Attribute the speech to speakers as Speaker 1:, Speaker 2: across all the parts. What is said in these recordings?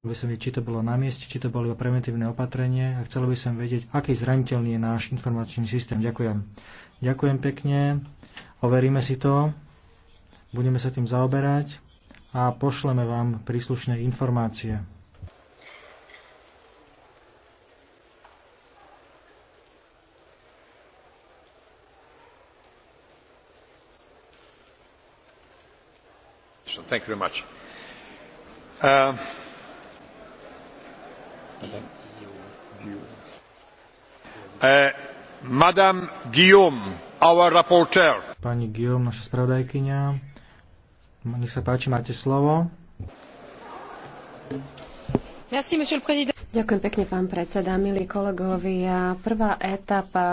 Speaker 1: by som vedieť, či to bolo na mieste, či to bolo iba preventívne opatrenie a chcel by som vedieť, aký zraniteľný je náš informačný systém. Ďakujem. Ďakujem pekne, overíme si to, budeme sa tým zaoberať a pošleme vám príslušné informácie.
Speaker 2: thank you very much. Uh, E,
Speaker 1: Pani Guillaume, naša spravodajkyňa. Nech sa páči, máte slovo.
Speaker 3: Merci, monsieur le président. Ďakujem pekne, pán predseda, milí kolegovia. Prvá etapa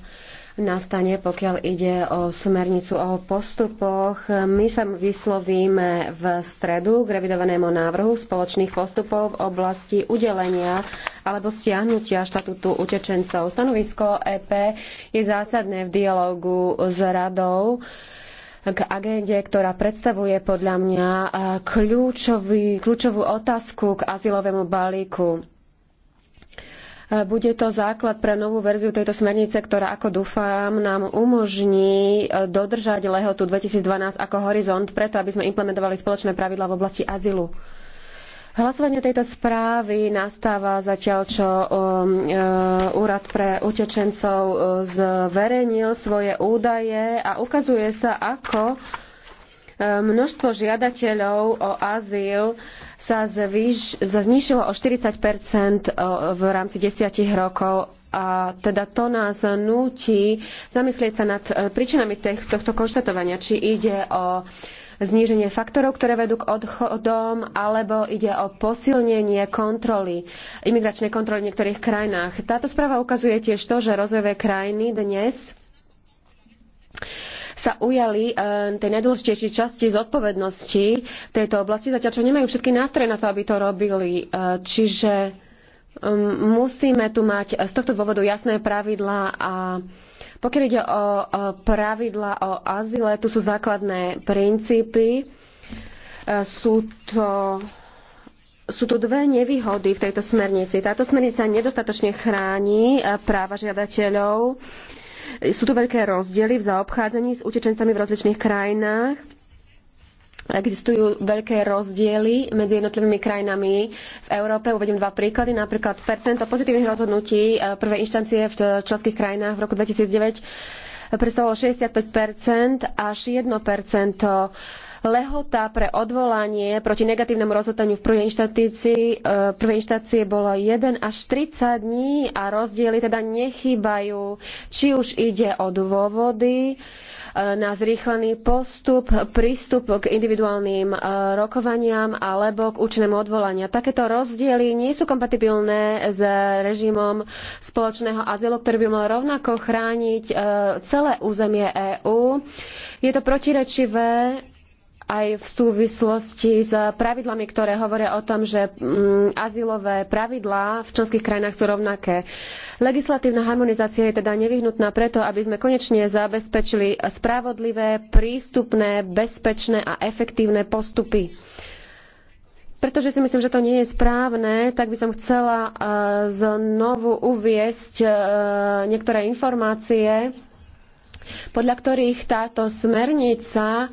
Speaker 3: uh, nastane, pokiaľ ide o smernicu o postupoch. My sa vyslovíme v stredu k revidovanému návrhu spoločných postupov v oblasti udelenia alebo stiahnutia štatutu utečencov. Stanovisko EP je zásadné v dialogu s radou k agende, ktorá predstavuje podľa mňa kľúčový, kľúčovú otázku k azylovému balíku E, bude to základ pre novú verziu tejto smernice, ktorá, ako dúfam, nám umožní e, dodržať lehotu 2012 ako horizont, preto aby sme implementovali spoločné pravidla v oblasti azylu. Hlasovanie tejto správy nastáva zatiaľ, čo um, e, Úrad pre utečencov zverejnil svoje údaje a ukazuje sa, ako množstvo žiadateľov o azyl sa, zvýš, sa znišilo o 40 v rámci desiatich rokov a teda to nás núti zamyslieť sa nad e, príčinami tohto konštatovania, či ide o zníženie faktorov, ktoré vedú k odchodom, alebo ide o posilnenie kontroly, imigračnej kontroly v niektorých krajinách. Táto správa ukazuje tiež to, že rozvojové krajiny dnes sa ujali eh, tej najdôležitejšej časti zodpovednosti v tejto oblasti, zatiaľ čo nemajú všetky nástroje na to, aby to robili. Eh, čiže mm, musíme tu mať z tohto dôvodu jasné pravidlá a pokiaľ ide o pravidlá o azyle, tu sú základné princípy. Eh, sú to sú tu dve nevýhody v tejto smernici. Táto smernica nedostatočne chráni práva žiadateľov sú tu veľké rozdiely v zaobchádzaní s utečencami v rozličných krajinách. Existujú veľké rozdiely medzi jednotlivými krajinami v Európe. Uvediem dva príklady. Napríklad percento pozitívnych rozhodnutí eh, prvej inštancie v členských krajinách v roku 2009 eh, predstavovalo 65% až 1% Lehota pre odvolanie proti negatívnemu rozhodnutiu v prvej inštancii, e, prvej inštancie bolo 1 až 30 dní a rozdiely teda nechýbajú, či už ide o dôvody, e, na zrýchlený postup, prístup k individuálnym e, rokovaniam alebo k účinnému odvolania. Takéto rozdiely nie sú kompatibilné s režimom spoločného azylu, ktorý by mal rovnako chrániť celé územie EÚ. Je to protirečivé aj v súvislosti s pravidlami, ktoré hovoria o tom, že mm, azylové pravidlá v členských krajinách sú rovnaké. Legislatívna harmonizácia je teda nevyhnutná preto, aby sme konečne zabezpečili spravodlivé, prístupné, bezpečné a efektívne postupy. Pretože si myslím, že to nie je správne, tak by som chcela e, znovu uviesť e, niektoré informácie, podľa ktorých táto smernica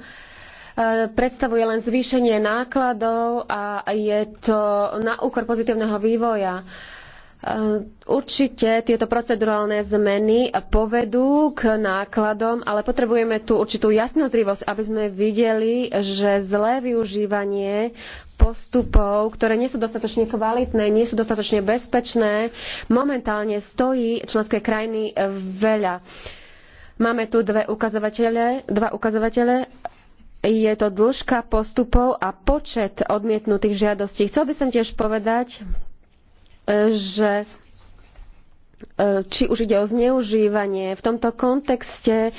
Speaker 3: predstavuje len zvýšenie nákladov a je to na úkor pozitívneho vývoja. E, určite tieto procedurálne zmeny povedú k nákladom, ale potrebujeme tu určitú jasnozrivosť, aby sme videli, že zlé využívanie postupov, ktoré nie sú dostatočne kvalitné, nie sú dostatočne bezpečné, momentálne stojí členské krajiny veľa. Máme tu dve ukazovatele, dva ukazovatele je to dĺžka postupov a počet odmietnutých žiadostí. Chcel by som tiež povedať, e, že E, či už ide o zneužívanie. V tomto kontexte e,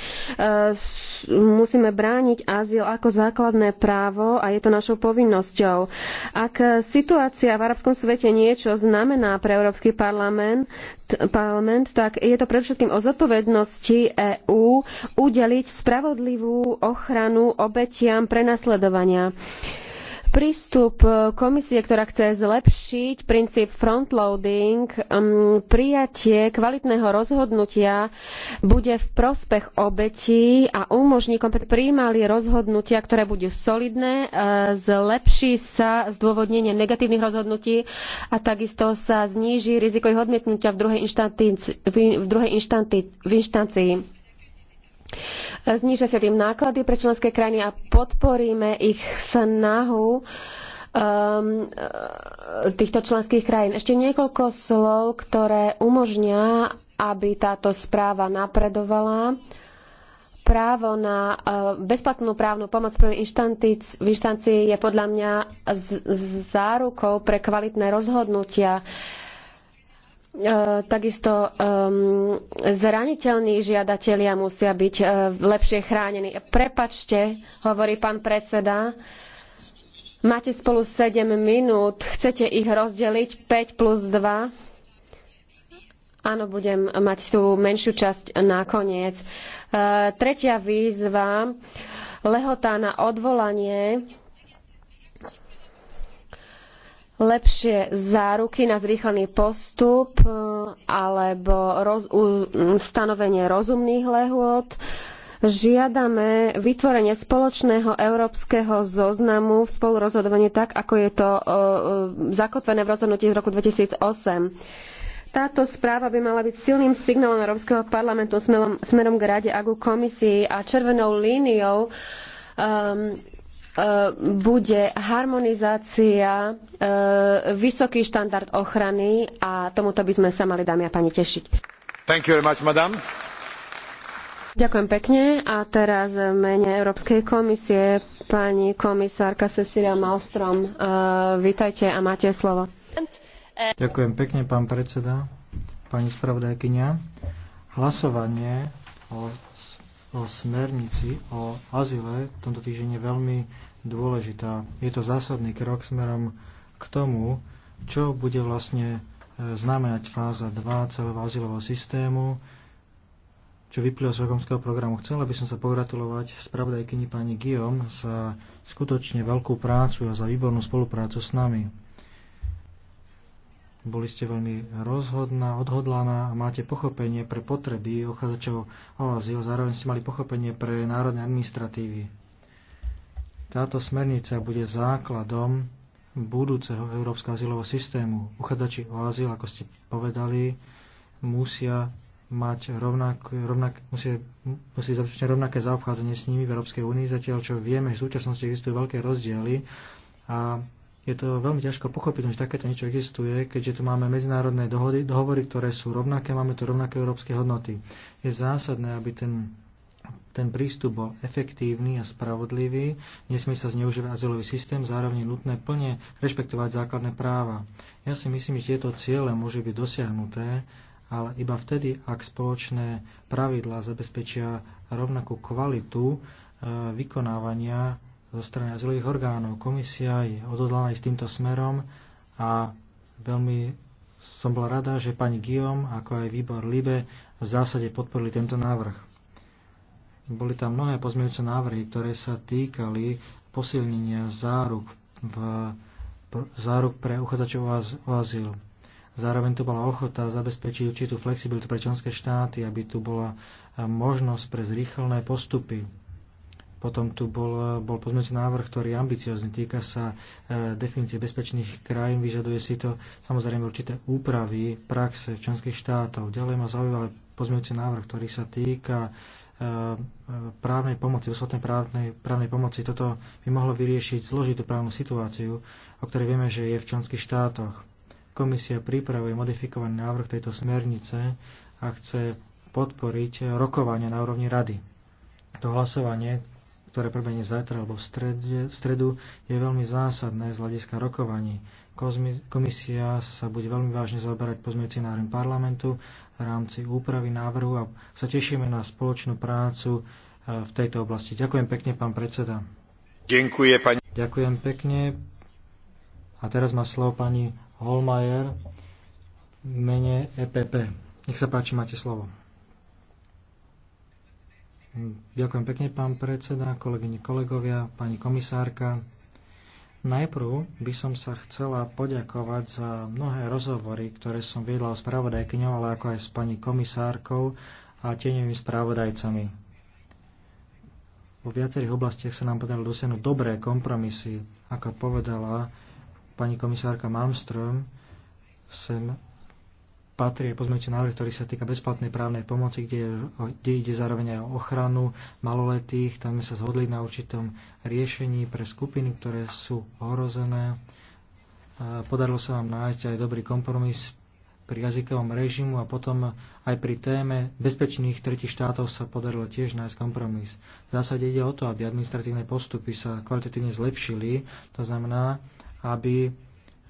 Speaker 3: musíme brániť azyl ako základné právo a je to našou povinnosťou. Ak situácia v arabskom svete niečo znamená pre Európsky parlament, parlament tak je to predovšetkým o zodpovednosti EÚ udeliť spravodlivú ochranu obetiam prenasledovania. Prístup e, komisie, ktorá chce zlepšiť princíp frontloading, prijatie kvalitného rozhodnutia bude v prospech obetí a umožní prijímali rozhodnutia, ktoré budú solidné, e, zlepší sa zdôvodnenie negatívnych rozhodnutí a takisto sa zníži riziko ich odmietnutia v druhej inštancii. V druhej inštancii. Znižia sa tým náklady pre členské krajiny a podporíme ich snahu um, uh, týchto členských krajín. Ešte niekoľko slov, ktoré umožnia, aby táto správa napredovala. Právo na uh, bezplatnú právnu pomoc v inštancii je podľa mňa zárukou pre kvalitné rozhodnutia. Uh, E, takisto zraniteľní žiadatelia musia byť e, lepšie chránení. Prepačte, hovorí pán predseda, máte spolu 7 minút, chcete ich rozdeliť 5 plus 2. Áno, budem mať tú menšiu časť nakoniec. E, tretia výzva, lehotá na odvolanie lepšie záruky na zrýchlený postup eh, alebo roz, stanovenie rozumných lehôd. Žiadame vytvorenie spoločného európskeho zoznamu v spolurozhodovaní tak, ako je to eh, eh, zakotvené v rozhodnutí z roku 2008. Táto správa by mala byť silným signálom Európskeho parlamentu smerom, smerom k Rade a ku komisii a červenou líniou um, Eh, bude harmonizácia, eh, vysoký štandard ochrany a tomuto by sme sa mali, dámy a pani, tešiť. Much, Ďakujem pekne. A teraz v mene Európskej komisie pani komisárka Cecilia Malstrom. Eh, vítajte a máte slovo.
Speaker 1: Ďakujem pekne, pán predseda, pani spravodajkyňa. Hlasovanie o o smernici o azile v tomto týždeň je veľmi dôležitá. Je to zásadný krok smerom k tomu, čo bude vlastne e, znamenať fáza 2 celého azylového systému, čo vyplýva z rokomského programu. Chcela by som sa pogratulovať spravodajkyni pani Guillaume za skutočne veľkú prácu a za výbornú spoluprácu s nami. Boli ste veľmi rozhodná, odhodlaná a máte pochopenie pre potreby ochádzačov o azyl. Zároveň ste mali pochopenie pre národné administratívy. Táto smernica bude základom budúceho európskeho azylového systému. Uchádzači o azyl, ako ste povedali, musia mať rovnak, rovnak, musí, musí zabezpečiť rovnaké zaobchádzanie s nimi v Európskej únii, zatiaľ čo vieme, že v súčasnosti existujú veľké rozdiely a je to veľmi ťažko pochopiť, že takéto niečo existuje, keďže tu máme medzinárodné dohody, dohovory, ktoré sú rovnaké, máme tu rovnaké európske hodnoty. Je zásadné, aby ten, ten prístup bol efektívny a spravodlivý, nesmie sa zneužívať azylový systém, zároveň je nutné plne rešpektovať základné práva. Ja si myslím, že tieto ciele môžu byť dosiahnuté, ale iba vtedy, ak spoločné pravidlá zabezpečia rovnakú kvalitu e, vykonávania zo strany azylových orgánov. Komisia je odhodlaná s týmto smerom a veľmi som bola rada, že pani Guillaume, ako aj výbor LIBE, v zásade podporili tento návrh. Boli tam mnohé pozmeňujúce návrhy, ktoré sa týkali posilnenia záruk, v, záruk pre uchádzačov o azyl. Zároveň tu bola ochota zabezpečiť určitú flexibilitu pre členské štáty, aby tu bola eh, možnosť pre zrýchlené postupy potom tu bol, bol pozmeňujúci návrh, ktorý je ambiciozný, týka sa e, definície bezpečných krajín, vyžaduje si to samozrejme určité úpravy praxe v členských štátov. Ďalej ma zaujímavé pozmeňujúci návrh, ktorý sa týka e, e, právnej pomoci, osvetnej právnej, právnej pomoci. Toto by mohlo vyriešiť zložitú právnu situáciu, o ktorej vieme, že je v členských štátoch. Komisia pripravuje modifikovaný návrh tejto smernice a chce podporiť rokovania na úrovni rady. To hlasovanie, ktoré prebehne zajtra alebo v, strede, v stredu, je veľmi zásadné z hľadiska rokovaní. Komisia sa bude veľmi vážne zaoberať pozmeňujúci parlamentu v rámci úpravy návrhu a sa tešíme na spoločnú prácu e, v tejto oblasti. Ďakujem pekne, pán predseda.
Speaker 2: Ďakujem, pani.
Speaker 1: Ďakujem pekne. A teraz má slovo pani Holmajer v mene EPP. Nech sa páči, máte slovo. Ďakujem pekne, pán predseda, kolegyne, kolegovia, pani komisárka. Najprv by som sa chcela poďakovať za mnohé rozhovory, ktoré som viedla o spravodajkyňou, ale ako aj s pani komisárkou a tieňovými spravodajcami. Vo viacerých oblastiach sa nám podarilo dosiahnuť dobré kompromisy. Ako povedala pani komisárka Malmström, sem patrí pozmeňujúci návrh, ktorý sa týka bezplatnej právnej pomoci, kde, kde ide zároveň aj o ochranu maloletých. Tam sme sa zhodli na určitom riešení pre skupiny, ktoré sú ohrozené. Podarilo sa nám nájsť aj dobrý kompromis pri jazykovom režimu a potom aj pri téme bezpečných tretich štátov sa podarilo tiež nájsť kompromis. V zásade ide o to, aby administratívne postupy sa kvalitatívne zlepšili, to znamená, aby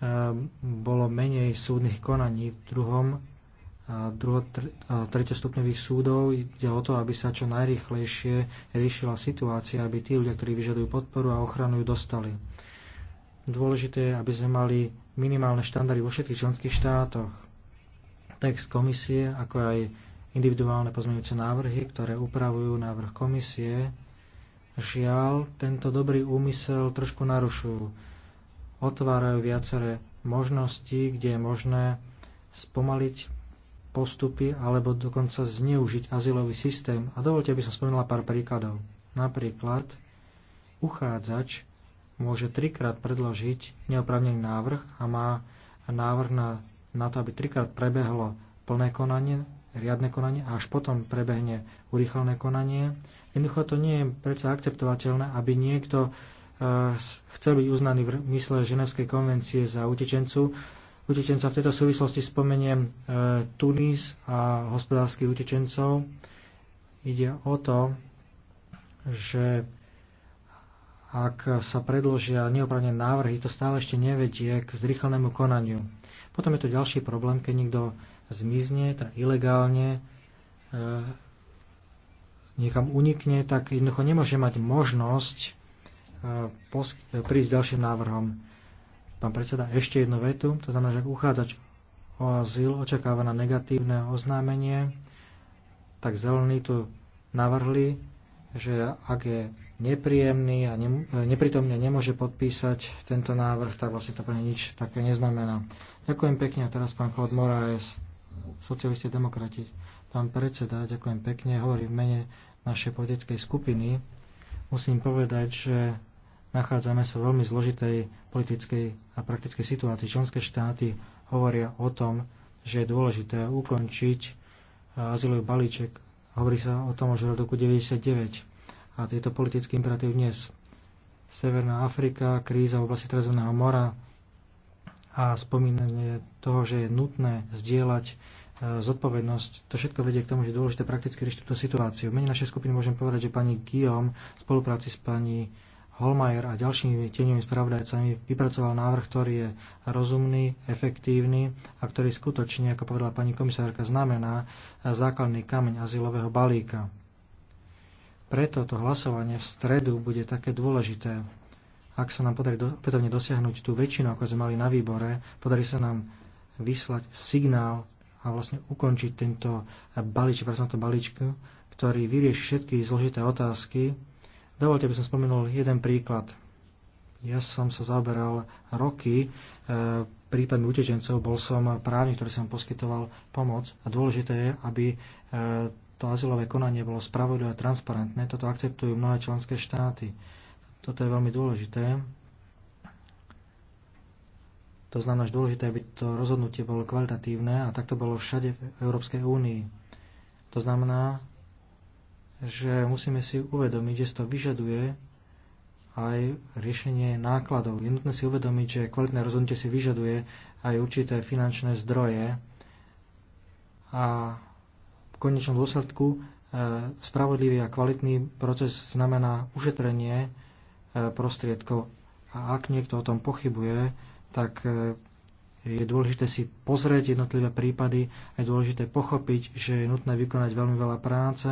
Speaker 1: Ehm, bolo menej súdnych konaní v druhom a druho, treťostupňových súdov. Ide o to, aby sa čo najrychlejšie riešila situácia, aby tí ľudia, ktorí vyžadujú podporu a ochranu, ju dostali. Dôležité je, aby sme mali minimálne štandardy vo všetkých členských štátoch. Text komisie, ako aj individuálne pozmeňujúce návrhy, ktoré upravujú návrh komisie, žiaľ, tento dobrý úmysel trošku narušujú otvárajú viaceré možnosti, kde je možné spomaliť postupy alebo dokonca zneužiť azylový systém. A dovolte, aby som spomenula pár príkladov. Napríklad uchádzač môže trikrát predložiť neoprávnený návrh a má návrh na, na to, aby trikrát prebehlo plné konanie, riadne konanie a až potom prebehne urýchlené konanie. Jednoducho to nie je predsa akceptovateľné, aby niekto chcel byť uznaný v mysle Ženevskej konvencie za utečencu. Utečenca v tejto súvislosti spomeniem e, Tunis a hospodárskych utečencov. Ide o to, že ak sa predložia neoprávne návrhy, to stále ešte nevedie k zrýchlenému konaniu. Potom je to ďalší problém, keď niekto zmizne, teda ilegálne, e, niekam unikne, tak jednoducho nemôže mať možnosť prísť ďalším návrhom. Pán predseda, ešte jednu vetu, to znamená, že uchádzač o azyl očakáva na negatívne oznámenie, tak zelení tu navrhli, že ak je nepríjemný a nepritomne nemôže podpísať tento návrh, tak vlastne to pre nič také neznamená. Ďakujem pekne a teraz pán Claude Moraes, socialisti demokrati. Pán predseda, ďakujem pekne, Hovorím v mene našej politickej skupiny. Musím povedať, že nachádzame sa v veľmi zložitej politickej a praktickej situácii. Členské štáty hovoria o tom, že je dôležité ukončiť e, azylový balíček. Hovorí sa o tom už v roku 99 a tieto politický imperatív dnes. Severná Afrika, kríza v oblasti Trezveného mora a spomínanie toho, že je nutné zdieľať e, zodpovednosť, to všetko vedie k tomu, že je dôležité prakticky riešiť túto situáciu. V mene našej skupiny môžem povedať, že pani Guillaume v spolupráci s pani Holmajer a ďalšími tieňovými spravodajcami vypracoval návrh, ktorý je rozumný, efektívny a ktorý skutočne, ako povedala pani komisárka, znamená základný kameň azylového balíka. Preto to hlasovanie v stredu bude také dôležité. Ak sa nám podarí opätovne dosiahnuť tú väčšinu, ako sme mali na výbore, podarí sa nám vyslať signál a vlastne ukončiť tento balíček, balíčku, ktorý vyrieši všetky zložité otázky, Dovolte, by som spomenul jeden príklad. Ja som sa zaoberal roky e, prípadmi utečencov, bol som právnik, ktorý som poskytoval pomoc a dôležité je, aby e, to azylové konanie bolo spravodlivé a transparentné. Toto akceptujú mnohé členské štáty. Toto je veľmi dôležité. To znamená, že dôležité, aby to rozhodnutie bolo kvalitatívne a tak to bolo všade v Európskej únii. To znamená, že musíme si uvedomiť, že to vyžaduje aj riešenie nákladov. Je nutné si uvedomiť, že kvalitné rozhodnutie si vyžaduje aj určité finančné zdroje a v konečnom dôsledku e, spravodlivý a kvalitný proces znamená ušetrenie e, prostriedkov. A ak niekto o tom pochybuje, tak e, je dôležité si pozrieť jednotlivé prípady, je dôležité pochopiť, že je nutné vykonať veľmi veľa práce,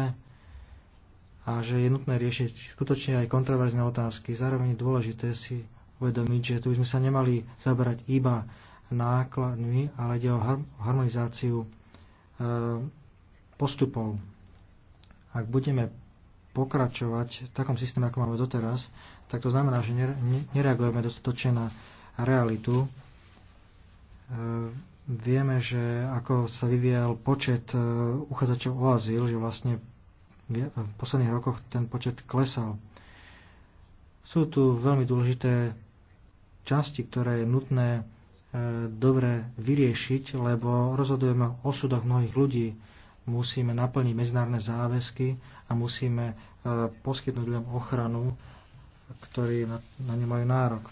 Speaker 1: a že je nutné riešiť skutočne aj kontroverzné otázky. Zároveň je dôležité si uvedomiť, že tu by sme sa nemali zaberať iba nákladmi, ale ide o harmonizáciu e, postupov. Ak budeme pokračovať v takom systéme, ako máme doteraz, tak to znamená, že nereagujeme dostatočne na realitu. E, vieme, že ako sa vyvíjal počet e, uchádzačov o azyl, že vlastne v posledných rokoch ten počet klesal. Sú tu veľmi dôležité časti, ktoré je nutné e, dobre vyriešiť, lebo rozhodujeme o osudoch mnohých ľudí. Musíme naplniť medzinárodné záväzky a musíme e, poskytnúť ľuďom ochranu, ktorí na, na majú nárok.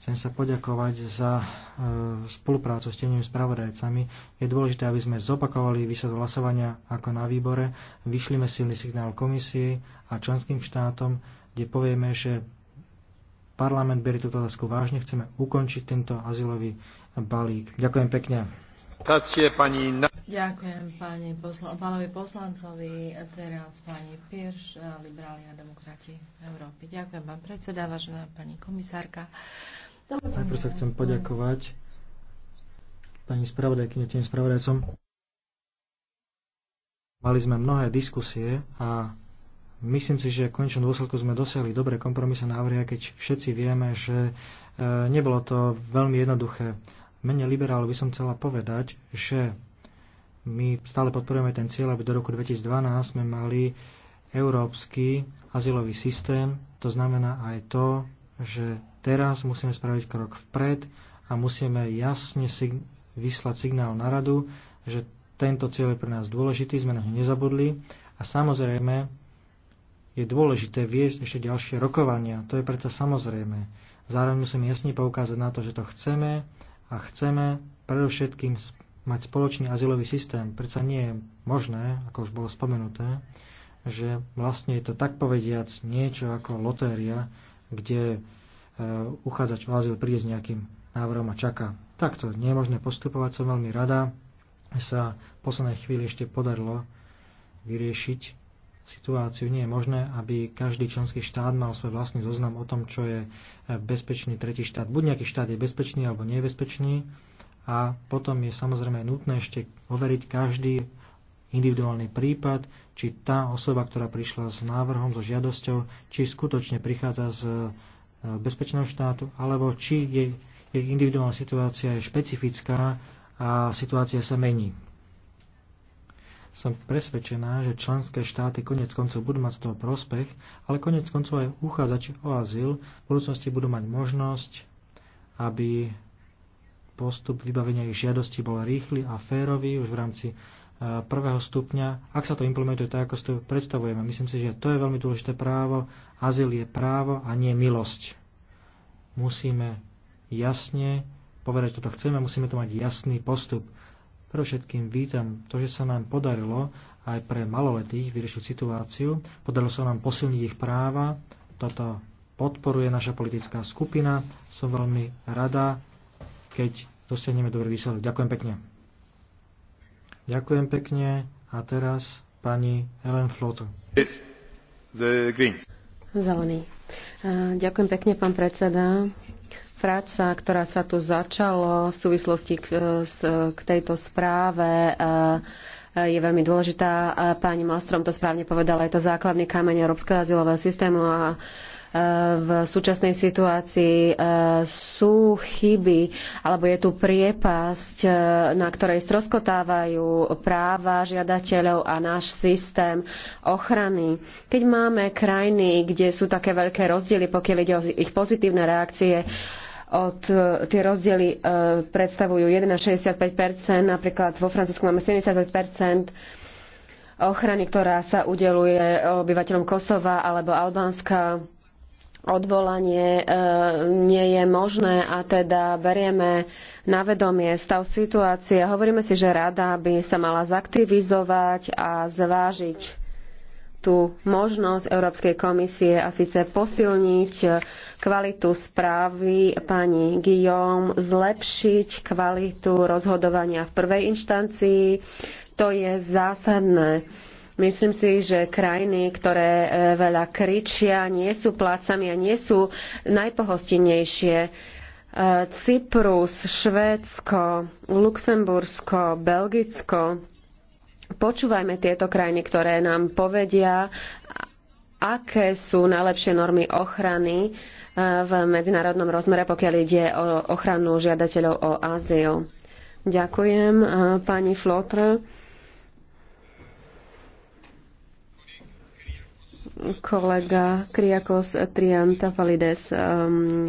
Speaker 1: Chcem sa poďakovať za e, spoluprácu s tenými spravodajcami. Je dôležité, aby sme zopakovali výsledok hlasovania ako na výbore, vyšlime silný signál komisii a členským štátom, kde povieme, že parlament berie túto otázku vážne, chceme ukončiť tento azylový balík. Ďakujem pekne.
Speaker 2: Ďakujem
Speaker 4: pani posla- pánovi poslancovi, teraz pani Pirš, liberáli a demokrati Európy. Ďakujem pán predseda, vážená pani komisárka. Najprv sa chcem
Speaker 1: poďakovať pani spravodajkyni, tým spravodajcom. Mali sme mnohé diskusie a myslím si, že v konečnom dôsledku sme dosiahli dobré kompromisné návrhy, aj keď všetci vieme, že e, nebolo to veľmi jednoduché. Mene liberálov by som chcela povedať, že my stále podporujeme ten cieľ, aby do roku 2012 sme mali európsky azylový systém. To znamená aj to, že Teraz musíme spraviť krok vpred a musíme jasne sig- vyslať signál na radu, že tento cieľ je pre nás dôležitý, sme na ňu nezabudli a samozrejme je dôležité viesť ešte ďalšie rokovania. To je predsa samozrejme. Zároveň musíme jasne poukázať na to, že to chceme a chceme predovšetkým mať spoločný azylový systém. Predsa nie je možné, ako už bolo spomenuté, že vlastne je to tak povediac niečo ako lotéria, kde E, uchádzač o azyl príde s nejakým návrhom a čaká. Takto nie je možné postupovať, som veľmi rada, sa v poslednej chvíli ešte podarilo vyriešiť situáciu. Nie je možné, aby každý členský štát mal svoj vlastný zoznam o tom, čo je e, bezpečný tretí štát. Buď nejaký štát je bezpečný alebo nebezpečný a potom je samozrejme nutné ešte overiť každý individuálny prípad, či tá osoba, ktorá prišla s návrhom, so žiadosťou, či skutočne prichádza z Eh, bezpečného štátu, alebo či jej, jej individuálna situácia je špecifická a situácia sa mení. Som presvedčená, že členské štáty konec koncov budú mať z toho prospech, ale konec koncov aj uchádzači o azyl v budúcnosti budú mať možnosť, aby postup vybavenia ich žiadosti bol rýchly a férový už v rámci prvého stupňa, ak sa to implementuje tak, ako si to predstavujeme. Myslím si, že to je veľmi dôležité právo. Azyl je právo a nie milosť. Musíme jasne povedať, že toto chceme, musíme to mať jasný postup. Pre všetkým vítam to, že sa nám podarilo aj pre maloletých vyriešiť situáciu. Podarilo sa nám posilniť ich práva. Toto podporuje naša politická skupina. Som veľmi rada, keď dosiahneme dobrý výsledok. Ďakujem pekne. Ďakujem pekne a teraz pani Helen Flotter. Zelený.
Speaker 3: Ďakujem pekne, pán predseda. Práca, ktorá sa tu začala v súvislosti k, k tejto správe, je veľmi dôležitá. Pani Malstrom to správne povedala, je to základný kameň Európskeho azylového systému a v súčasnej situácii e, sú chyby, alebo je tu priepasť, e, na ktorej stroskotávajú práva žiadateľov a náš systém ochrany. Keď máme krajiny, kde sú také veľké rozdiely, pokiaľ ide o ich pozitívne reakcie, od, e, tie rozdiely predstavujú 1,65 napríklad vo Francúzsku máme 75 ochrany, ktorá sa udeluje obyvateľom Kosova alebo Albánska odvolanie e, nie je možné a teda berieme na vedomie stav situácie. Hovoríme si, že rada by sa mala zaktivizovať a zvážiť tú možnosť Európskej komisie a síce posilniť kvalitu správy pani Guillaume, zlepšiť kvalitu rozhodovania v prvej inštancii. To je zásadné Myslím si, že krajiny, ktoré e, veľa kričia, nie sú plácami a nie sú najpohostinnejšie. E, Cyprus, Švédsko, Luxembursko, Belgicko. Počúvajme tieto krajiny, ktoré nám povedia, aké sú najlepšie normy ochrany e, v medzinárodnom rozmere, pokiaľ ide o ochranu žiadateľov o azyl. Ďakujem, pani Flotre. kolega Kriakos Triantafalides, um,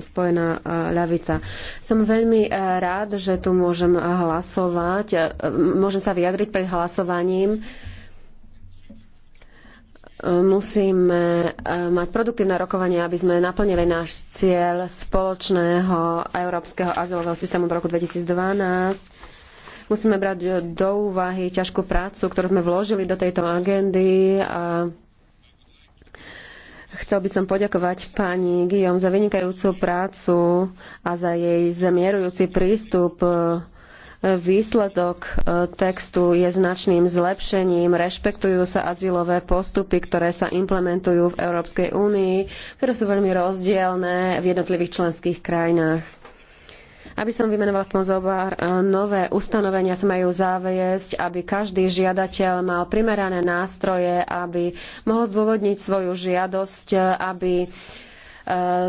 Speaker 3: spojená uh, ľavica. Som veľmi uh, rád, že tu môžem hlasovať, uh, môžem sa vyjadriť pred hlasovaním. Musíme mať produktívne rokovanie, aby sme naplnili náš cieľ spoločného európskeho azylového systému v roku 2012 Musíme brať do úvahy ťažkú prácu, ktorú sme vložili do tejto agendy a Chcel by som poďakovať pani Guillaume za vynikajúcu prácu a za jej zamierujúci prístup. Výsledok e, textu je značným zlepšením. Rešpektujú sa azylové postupy, ktoré sa implementujú v Európskej únii, ktoré sú veľmi rozdielne v jednotlivých členských krajinách aby som vymenoval aspoň nové ustanovenia sa majú záviesť, aby každý žiadateľ mal primerané nástroje, aby mohol zdôvodniť svoju žiadosť, aby e,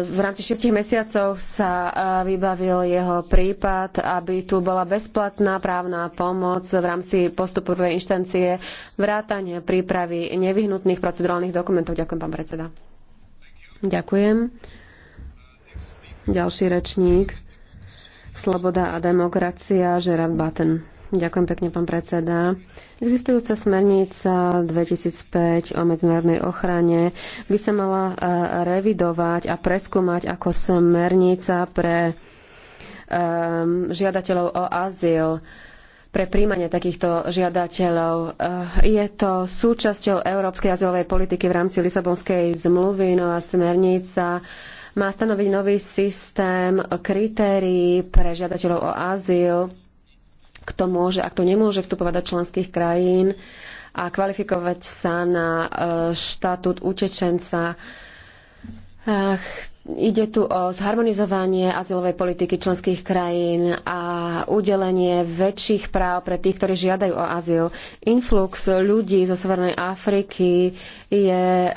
Speaker 3: v rámci 6 mesiacov sa e, vybavil jeho prípad, aby tu bola bezplatná právna pomoc v rámci postupu prvej inštancie, vrátanie prípravy nevyhnutných procedurálnych dokumentov. Ďakujem, pán predseda. Ďakujem. Ďalší rečník sloboda a demokracia, Gerard Batten. Ďakujem pekne, pán predseda. Existujúca smernica 2005 o medzinárodnej ochrane by sa mala e, revidovať a preskúmať ako smernica pre um, žiadateľov o azyl pre príjmanie takýchto žiadateľov. E, je to súčasťou európskej azylovej politiky v rámci Lisabonskej zmluvy, no a smernica uh, má stanoviť nový systém kritérií pre žiadateľov o azyl, kto môže a kto nemôže vstupovať do členských krajín a kvalifikovať sa na e, štatút utečenca Ide tu o zharmonizovanie azylovej politiky členských krajín a udelenie väčších práv pre tých, ktorí žiadajú o azyl. Influx ľudí zo Severnej Afriky je e,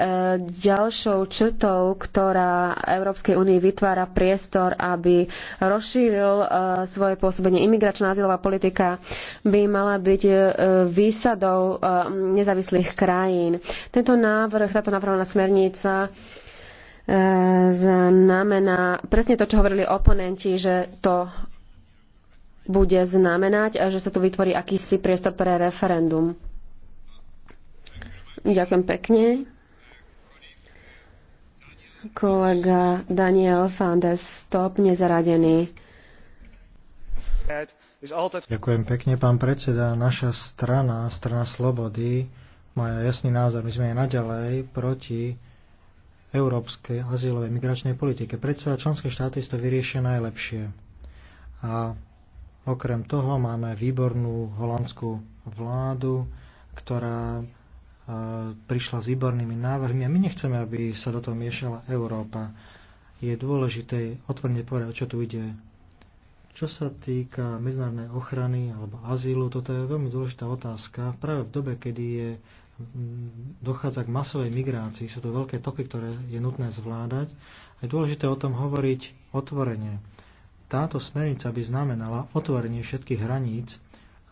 Speaker 3: ďalšou črtou, ktorá Európskej únii vytvára priestor, aby rozšíril e, svoje pôsobenie. Imigračná azylová politika by mala byť e, výsadou nezávislých krajín. Tento návrh, táto napravená smernica znamená presne to, čo hovorili oponenti, že to bude znamenať, a že sa tu vytvorí akýsi priestor pre referendum. Ďakujem pekne. Kolega Daniel van der Stop, nezaradený.
Speaker 1: Ďakujem pekne, pán predseda. Naša strana, strana Slobody, má jasný názor. My sme aj naďalej proti európskej azylovej migračnej politike. Predsa členské štáty to vyriešia najlepšie. A okrem toho máme výbornú holandskú vládu, ktorá e, prišla s výbornými návrhmi a my nechceme, aby sa do toho miešala Európa. Je dôležité otvorene povedať, o čo tu ide. Čo sa týka medzinárodnej ochrany alebo azylu, toto je veľmi dôležitá otázka. Práve v dobe, kedy je dochádza k masovej migrácii, sú to veľké toky, ktoré je nutné zvládať. A je dôležité o tom hovoriť otvorene. Táto smernica by znamenala otvorenie všetkých hraníc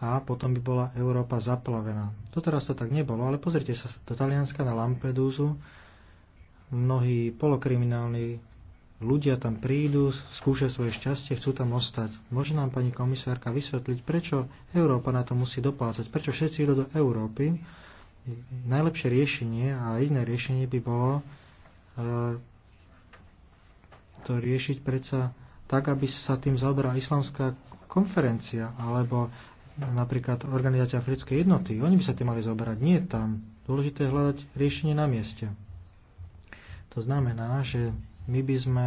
Speaker 1: a potom by bola Európa zaplavená. Doteraz to tak nebolo, ale pozrite sa do Talianska na Lampedúzu. Mnohí polokriminálni ľudia tam prídu, skúšajú svoje šťastie, chcú tam ostať. Môže nám pani komisárka vysvetliť, prečo Európa na to musí doplácať, prečo všetci idú do Európy, najlepšie riešenie a jediné riešenie by bolo e, to riešiť predsa tak, aby sa tým zaoberala islamská konferencia alebo napríklad Organizácia africkej jednoty. Oni by sa tým mali zaoberať. Nie tam. Dôležité je hľadať riešenie na mieste. To znamená, že my by sme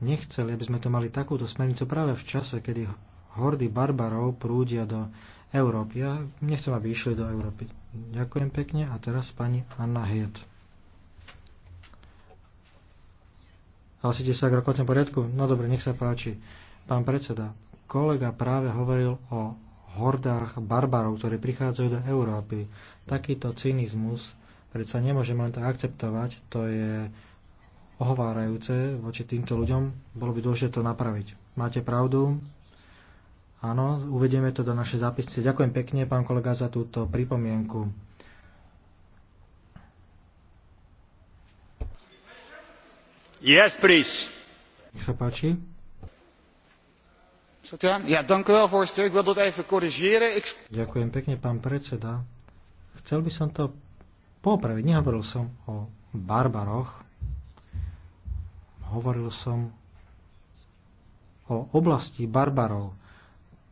Speaker 1: nechceli, aby sme to mali takúto smernicu práve v čase, kedy hordy barbarov prúdia do Európy. Ja nechcem, aby išli do Európy. Ďakujem pekne a teraz pani Anna Hiet. Hlasíte sa k rokovacom poriadku? No dobre, nech sa páči. Pán predseda, kolega práve hovoril o hordách barbarov, ktorí prichádzajú do Európy. Takýto cynizmus predsa nemôžeme len tak akceptovať, to je ohovárajúce voči týmto ľuďom, bolo by dôležité to napraviť. Máte pravdu, Áno, uvedieme to do našej zápisce. Ďakujem pekne, pán kolega, za túto pripomienku.
Speaker 2: Yes, please.
Speaker 1: Nech sa páči. Ja, wel, Ik wil dat even Ik... Ďakujem pekne, pán predseda. Chcel by som to popraviť. Nehovoril som o barbaroch. Hovoril som o oblasti barbarov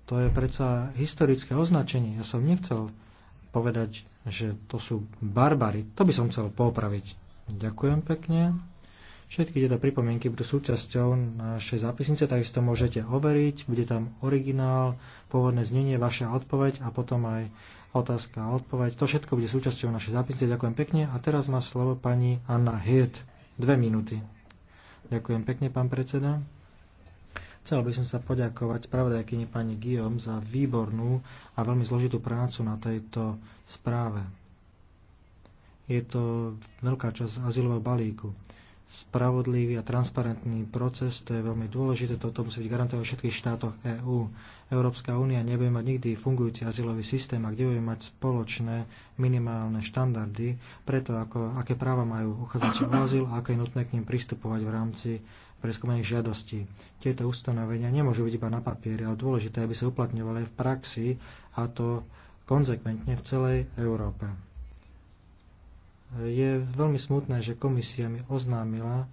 Speaker 1: to je predsa historické označenie. Ja som nechcel povedať, že to sú barbary. To by som chcel popraviť. Ďakujem pekne. Všetky tieto pripomienky budú súčasťou našej zápisnice, takisto môžete overiť. Bude tam originál, pôvodné znenie, vaša odpoveď a potom aj otázka a odpoveď. To všetko bude súčasťou našej zápisnice. Ďakujem pekne. A teraz má slovo pani Anna Hiet. Dve minúty. Ďakujem pekne, pán predseda. Chcel by som sa poďakovať pravdajkyni pani Guillaume za výbornú a veľmi zložitú prácu na tejto správe. Je to veľká časť azylového balíku. Spravodlivý a transparentný proces, to je veľmi dôležité, toto musí byť garantované v všetkých štátoch EÚ. Európska únia nebude mať nikdy fungujúci azylový systém, a kde bude mať spoločné minimálne štandardy, preto ako, aké práva majú uchádzači o azyl a ako je nutné k ním pristupovať v rámci preskúmaných žiadostí. Tieto ustanovenia nemôžu byť iba na papieri, ale dôležité, aby sa uplatňovali aj v praxi a to konzekventne v celej Európe. Je veľmi smutné, že komisia mi oznámila,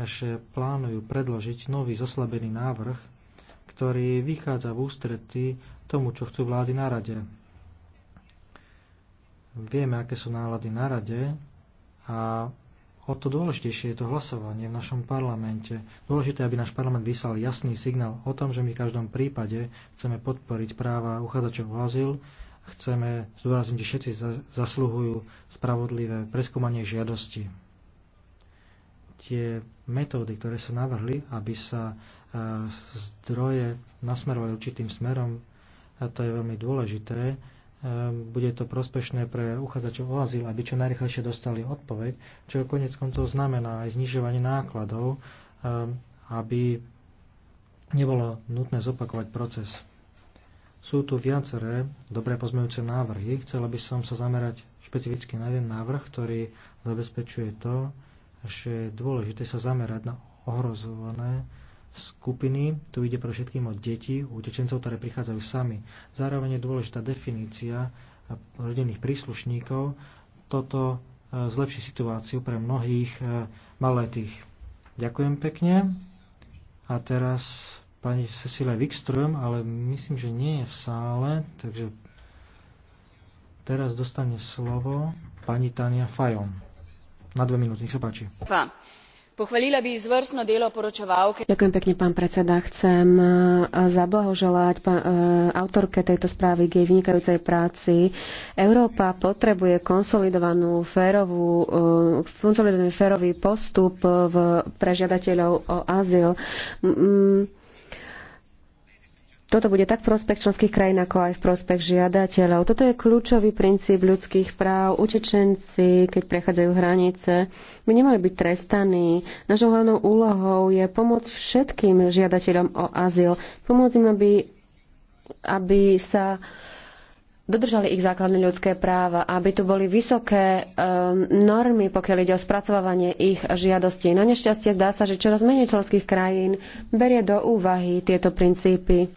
Speaker 1: že plánujú predložiť nový zoslabený návrh, ktorý vychádza v ústretí tomu, čo chcú vlády na rade. Vieme, aké sú nálady na rade a O to dôležitejšie je to hlasovanie v našom parlamente. Dôležité, aby náš parlament vyslal jasný signál o tom, že my v každom prípade chceme podporiť práva uchádzačov o azyl, chceme zdôrazniť, že všetci zasluhujú spravodlivé preskúmanie žiadosti. Tie metódy, ktoré sa navrhli, aby sa e, zdroje nasmerovali určitým smerom, a to je veľmi dôležité, Ehm, bude to prospešné pre uchádzačov o azyl, aby čo najrychlejšie dostali odpoveď, čo konec koncov znamená aj znižovanie nákladov, ehm, aby nebolo nutné zopakovať proces. Sú tu viaceré dobré pozmejúce návrhy. Chcela by som sa zamerať špecificky na jeden návrh, ktorý zabezpečuje to, že je dôležité sa zamerať na ohrozované skupiny. Tu ide pre všetkým o deti, utečencov, ktoré prichádzajú sami. Zároveň je dôležitá definícia rodinných príslušníkov. Toto e, zlepší situáciu pre mnohých e, maletých. Ďakujem pekne. A teraz pani Cecilia Wikström, ale myslím, že nie je v sále, takže teraz dostane slovo pani Tania Fajon. Na dve minúty, nech sa páči.
Speaker 2: Pa.
Speaker 3: Pochválila by zvrstno delo poročevalke. Ďakujem pekne, pán predseda. Chcem e, zablahoželať pán, e, autorke tejto správy k jej vynikajúcej práci. Európa potrebuje konsolidovanú férovú, e, konsolidovaný férový postup v, pre žiadateľov o azyl. M toto bude tak v prospech členských krajín, ako aj v prospech žiadateľov. Toto je kľúčový princíp ľudských práv. Utečenci, keď prechádzajú hranice, by nemali byť trestaní. Našou hlavnou úlohou je pomôcť všetkým žiadateľom o azyl. Pomôcť im, aby, aby sa dodržali ich základné ľudské práva, aby tu boli vysoké um, normy, pokiaľ ide o spracovávanie ich žiadostí. Na nešťastie zdá sa, že čoraz menej členských krajín berie do úvahy tieto princípy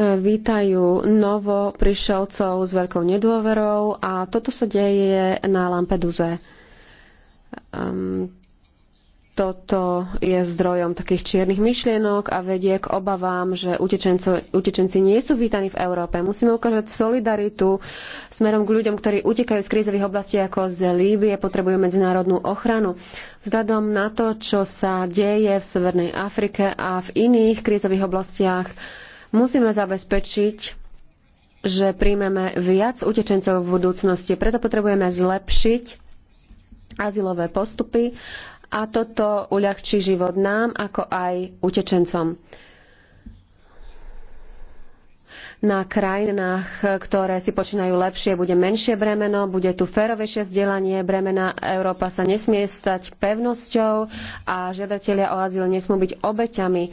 Speaker 3: vítajú novo prišelcov s veľkou nedôverou a toto sa deje na Lampeduze. Um, toto je zdrojom takých čiernych myšlienok a vedie k obavám, že utečenci nie sú vítaní v Európe. Musíme ukázať solidaritu smerom k ľuďom, ktorí utekajú z krízových oblastí ako z Líbie, potrebujú medzinárodnú ochranu. Vzhľadom na to, čo sa deje v Severnej Afrike a v iných krízových oblastiach, Musíme zabezpečiť, že príjmeme viac utečencov v budúcnosti. Preto potrebujeme zlepšiť azylové postupy a toto uľahčí život nám, ako aj utečencom na krajinách, ktoré si počínajú lepšie, bude menšie bremeno, bude tu férovejšie vzdelanie bremena. Európa sa nesmie stať pevnosťou a žiadatelia o azyl nesmú byť obeťami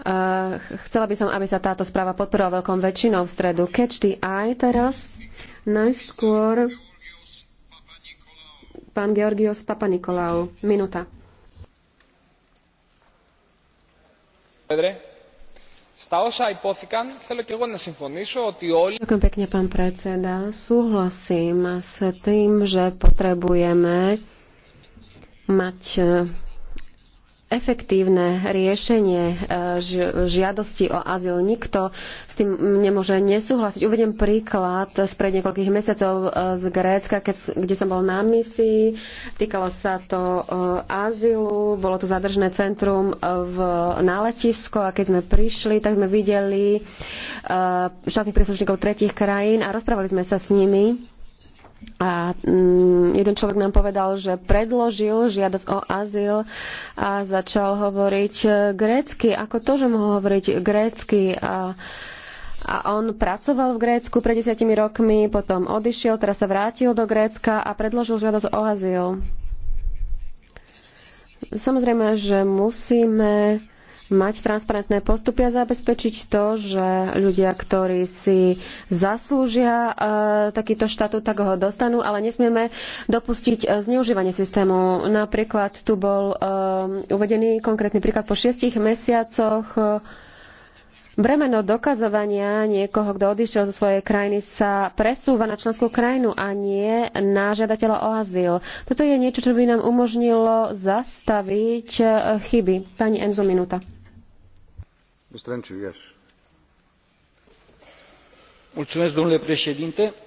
Speaker 3: Eh, chcela by som, aby sa táto správa podporila veľkom väčšinou v stredu. Catch the eye teraz. Najskôr pán Georgios Papa Nikolau. Minúta.
Speaker 2: Ďakujem
Speaker 3: pekne, pán predseda. Súhlasím s tým, že potrebujeme mať efektívne riešenie e, žiadosti o azyl. Nikto s tým nemôže nesúhlasiť. Uvediem príklad spred niekoľkých mesiacov e, z Grécka, keď, kde som bol na misii. Týkalo sa to e, azylu, bolo tu zadržné centrum v, na letisko a keď sme prišli, tak sme videli štátnych príslušníkov tretich krajín a rozprávali sme sa s nimi a mm, jeden človek nám povedal, že predložil žiadosť o azyl a začal hovoriť e, grécky. Ako to, že mohol hovoriť grécky? A, a on pracoval v Grécku pred desiatimi rokmi, potom odišiel, teraz sa vrátil do Grécka a predložil žiadosť o azyl. Samozrejme, že musíme mať transparentné postupy a zabezpečiť to, že ľudia, ktorí si zaslúžia e, takýto štatút, tak ho dostanú, ale nesmieme dopustiť e, zneužívanie systému. Napríklad tu bol e, uvedený konkrétny príklad po šiestich mesiacoch e, Bremeno dokazovania niekoho, kto odišiel zo svojej krajiny, sa presúva na členskú krajinu a nie na žiadateľa o azyl. Toto je niečo, čo by nám umožnilo zastaviť e, chyby. Pani Enzo, minúta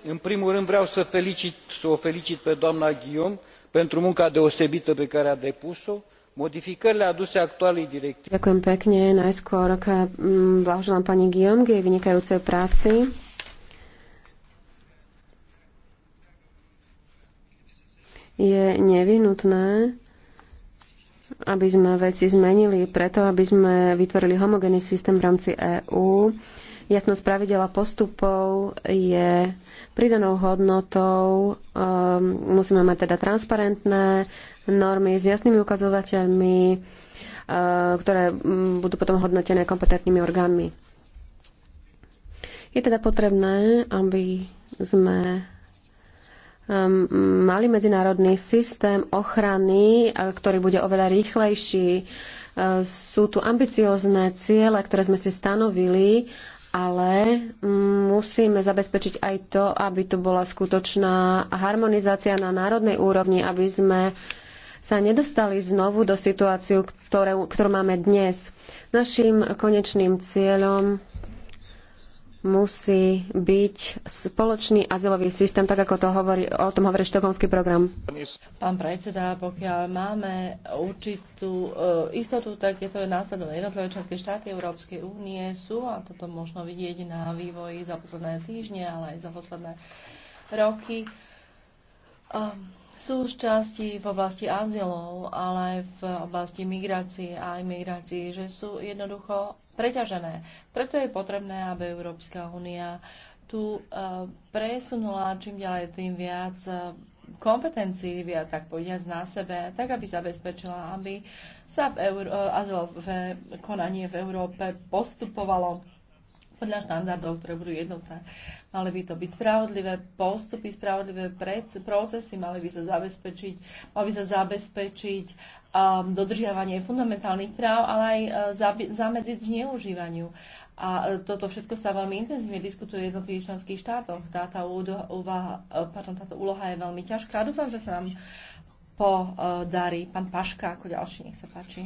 Speaker 1: în primul rând vreau să o felicit pe doamna guillaume pentru munca deosebită pe care a depus o modificările aduse actualei directive
Speaker 3: Ďakujem pekne. Najskôr k, m, blahoželám pani Guillaume k jej vynikajúcej práci. Je nevyhnutné, aby sme veci zmenili, preto aby sme vytvorili homogénny systém v rámci EÚ. Jasnosť pravidel a postupov je pridanou hodnotou. Um, musíme mať teda transparentné normy s jasnými ukazovateľmi, uh, ktoré mm, budú potom hodnotené kompetentnými orgánmi. Je teda potrebné, aby sme Ehm, mali medzinárodný systém ochrany, e, ktorý bude oveľa rýchlejší. E, sú tu ambiciozne ciele, ktoré sme si stanovili, ale mm, musíme zabezpečiť aj to, aby tu bola skutočná harmonizácia na národnej úrovni, aby sme sa nedostali znovu do situáciu, ktorú máme dnes. Naším konečným cieľom musí byť spoločný azylový systém, tak ako to hovorí, o tom hovorí štokholmský program.
Speaker 4: Pán predseda, pokiaľ máme určitú e, istotu, tak je to je následovné. Jednotlivé členské štáty Európskej únie sú, a toto možno vidieť na vývoji za posledné týždne, ale aj za posledné roky, um, sú z časti v oblasti azylov, ale aj v oblasti migrácie a imigrácie, že sú jednoducho preťažené. Preto je potrebné, aby Európska únia tu e, presunula čím ďalej tým viac e, kompetencií, viac tak povediať na sebe, tak aby zabezpečila, aby sa v, Euró- e, azylové konanie v Európe postupovalo podľa štandardov, ktoré budú jednotné. Mali by to byť spravodlivé postupy, spravodlivé procesy, mali by sa zabezpečiť, mali by sa zabezpečiť um, dodržiavanie fundamentálnych práv, ale aj uh, zamedziť zneužívaniu. A e, toto všetko sa veľmi intenzívne diskutuje v jednotlivých členských štátoch. Táto, úvaha, e, pardon, táto úloha je veľmi ťažká. Dúfam, že sa nám podarí. Pán Paška ako ďalší, nech sa páči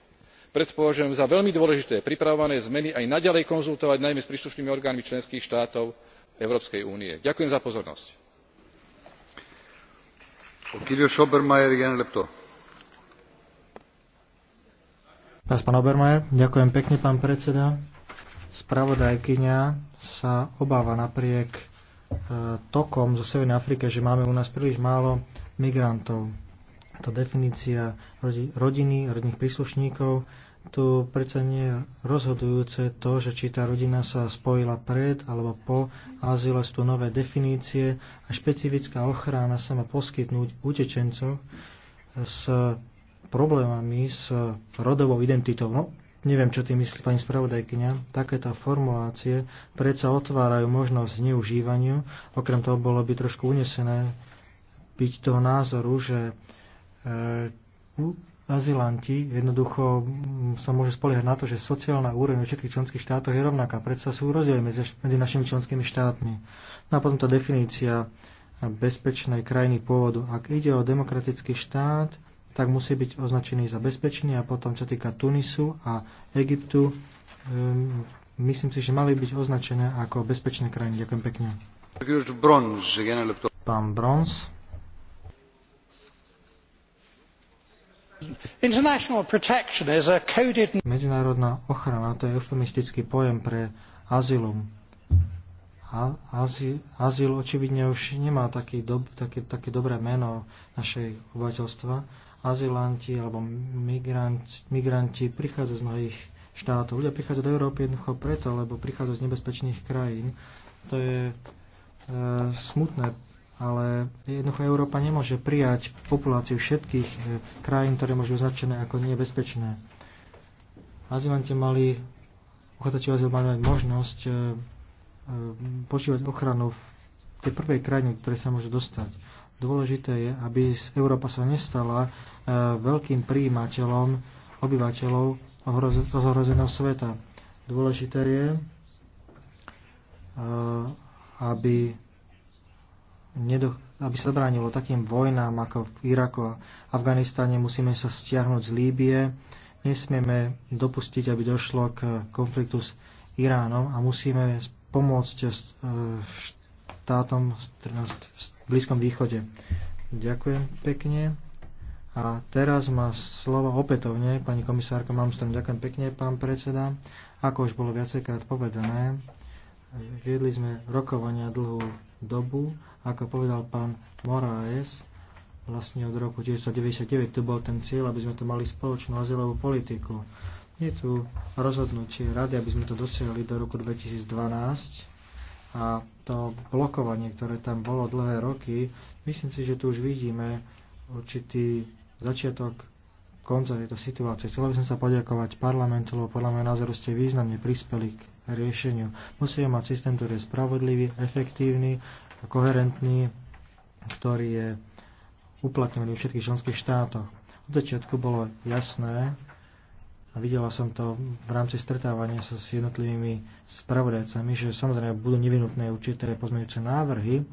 Speaker 2: preto považujem za veľmi dôležité pripravované zmeny aj naďalej konzultovať najmä s príslušnými orgánmi členských štátov európskej únie. ďakujem za pozornosť.
Speaker 1: Ďakujem pekne, pán predseda. Spravodajkyňa sa obáva napriek e, tokom zo Severnej Afriky, že máme u nás príliš málo migrantov. Tá definícia rodiny, rodinných príslušníkov tu predsa nie je rozhodujúce to, že či tá rodina sa spojila pred alebo po azyle, sú tu nové definície a špecifická ochrana sa má poskytnúť utečencov s problémami s rodovou identitou. No, neviem, čo tým myslí pani spravodajkynia. Takéto formulácie predsa otvárajú možnosť zneužívaniu. Okrem toho bolo by trošku unesené byť toho názoru, že e, azilanti jednoducho sa môže spoliehať na to, že sociálna úroveň vo všetkých členských štátoch je rovnaká. Predsa sú rozdiely medzi, medzi našimi členskými štátmi. No a potom tá definícia bezpečnej krajiny pôvodu. Ak ide o demokratický štát, tak musí byť označený za bezpečný a potom, čo týka Tunisu a Egyptu, um, myslím si, že mali byť označené ako bezpečné krajiny. Ďakujem pekne. Pán Brons. Medzinárodná ochrana to je eufemistický pojem pre azylum. azyl, azyl očividne už nemá také, do, také, také dobré meno našej obyvateľstva. Azylanti alebo migranti, migranti prichádzajú z mnohých štátov. Ľudia prichádzajú do Európy jednoducho preto, lebo prichádzajú z nebezpečných krajín. To je e, smutné ale jednoducho Európa nemôže prijať populáciu všetkých e, krajín, ktoré môžu označené ako nebezpečné. Azylanti mali, uchádzači o azyl mali mať možnosť e, e, počívať ochranu v tej prvej krajine, ktoré sa môže dostať. Dôležité je, aby Európa sa nestala veľkým príjimateľom obyvateľov ohrozeného sveta. Dôležité je, aby aby sa zabránilo takým vojnám ako v Iraku a Afganistáne, musíme sa stiahnuť z Líbie, nesmieme dopustiť, aby došlo k konfliktu s Iránom a musíme pomôcť eh, štátom v Blízkom východe. Ďakujem pekne. A teraz má slovo opätovne pani komisárka Malmström. Ďakujem pekne, pán predseda. Ako už bolo viacejkrát povedané, Viedli sme rokovania dlhú dobu, ako povedal pán Moraes, vlastne od roku 1999 tu bol ten cieľ, aby sme tu mali spoločnú azylovú politiku. Je tu rozhodnutie rady, aby sme to dosiahli do roku 2012 a to blokovanie, ktoré tam bolo dlhé roky, myslím si, že tu už vidíme určitý začiatok konca tejto situácie. Chcel by som sa poďakovať parlamentu, lebo podľa môjho názoru ste významne prispeli k riešeniu. Musíme mať systém, ktorý je spravodlivý, efektívny, koherentný, ktorý je uplatňovaný v všetkých členských štátoch. Od začiatku bolo jasné, a videla som to v rámci stretávania sa s jednotlivými spravodajcami, že samozrejme budú nevinutné určité pozmeňujúce návrhy.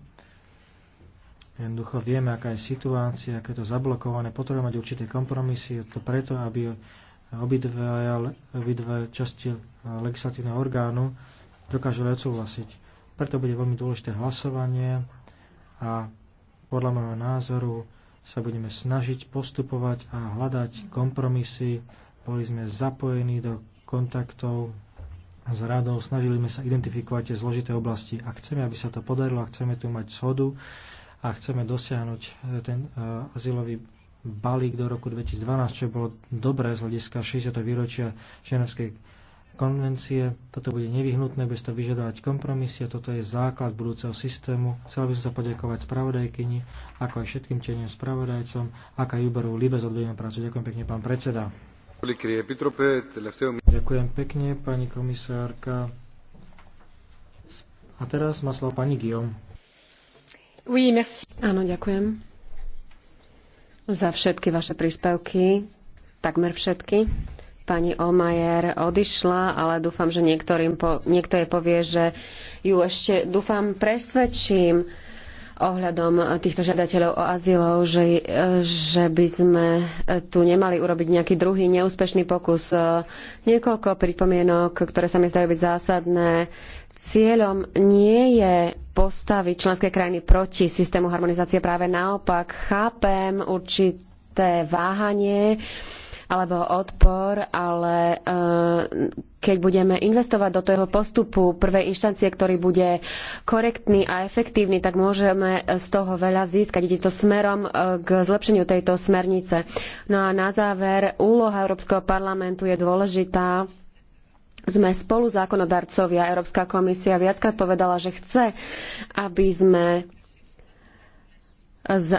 Speaker 1: Jednoducho vieme, aká je situácia, aké je to zablokované, potrebujeme mať určité kompromisy, je to preto, aby obidve, obidve časti legislatívneho orgánu dokážu aj odsúhlasiť. Preto bude veľmi dôležité hlasovanie a podľa môjho názoru sa budeme snažiť postupovať a hľadať kompromisy. Boli sme zapojení do kontaktov s radou, snažili sme sa identifikovať tie zložité oblasti. A chceme, aby sa to podarilo, a chceme tu mať shodu a chceme dosiahnuť ten eh, azylový balík do roku 2012, čo bolo dobré z hľadiska 60. výročia Ženevskej konvencie. Toto bude nevyhnutné, bez to vyžadovať kompromisy a toto je základ budúceho systému. Chcel by som sa poďakovať spravodajkyni, ako aj všetkým teniem spravodajcom, ako aj Uberu Libe za prácu. Ďakujem pekne, pán predseda. Ďakujem pekne, pani komisárka. A teraz má slovo pani Guillaume.
Speaker 3: Oui, merci. Áno, ďakujem za všetky vaše príspevky, takmer všetky. Pani Olmajer odišla, ale dúfam, že niektorým po, niekto jej povie, že ju ešte, dúfam, presvedčím ohľadom týchto žiadateľov o azylov, že, že by sme tu nemali urobiť nejaký druhý neúspešný pokus. Niekoľko pripomienok, ktoré sa mi zdajú byť zásadné, Cieľom nie je postaviť členské krajiny proti systému harmonizácie, práve naopak chápem určité váhanie alebo odpor, ale eh, keď budeme investovať do toho postupu prvej inštancie, ktorý bude korektný a efektívny, tak môžeme z toho veľa získať. Ide to smerom eh, k zlepšeniu tejto smernice. No a na záver, úloha Európskeho parlamentu je dôležitá sme spolu zákonodarcovia. Európska komisia viackrát povedala, že chce, aby sme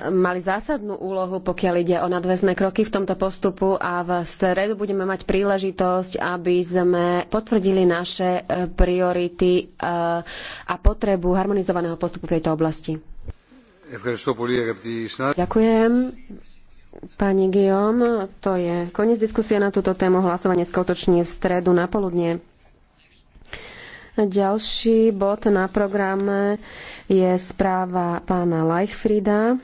Speaker 3: mali zásadnú úlohu, pokiaľ ide o nadväzné kroky v tomto postupu a v stredu budeme mať príležitosť, aby sme potvrdili naše e, priority e, a potrebu harmonizovaného postupu v tejto oblasti. Ďakujem, Pani Guillaume, to je koniec diskusie na túto tému. Hlasovanie skutočne v stredu na poludne. Ďalší bod na programe je správa pána Leichfrida.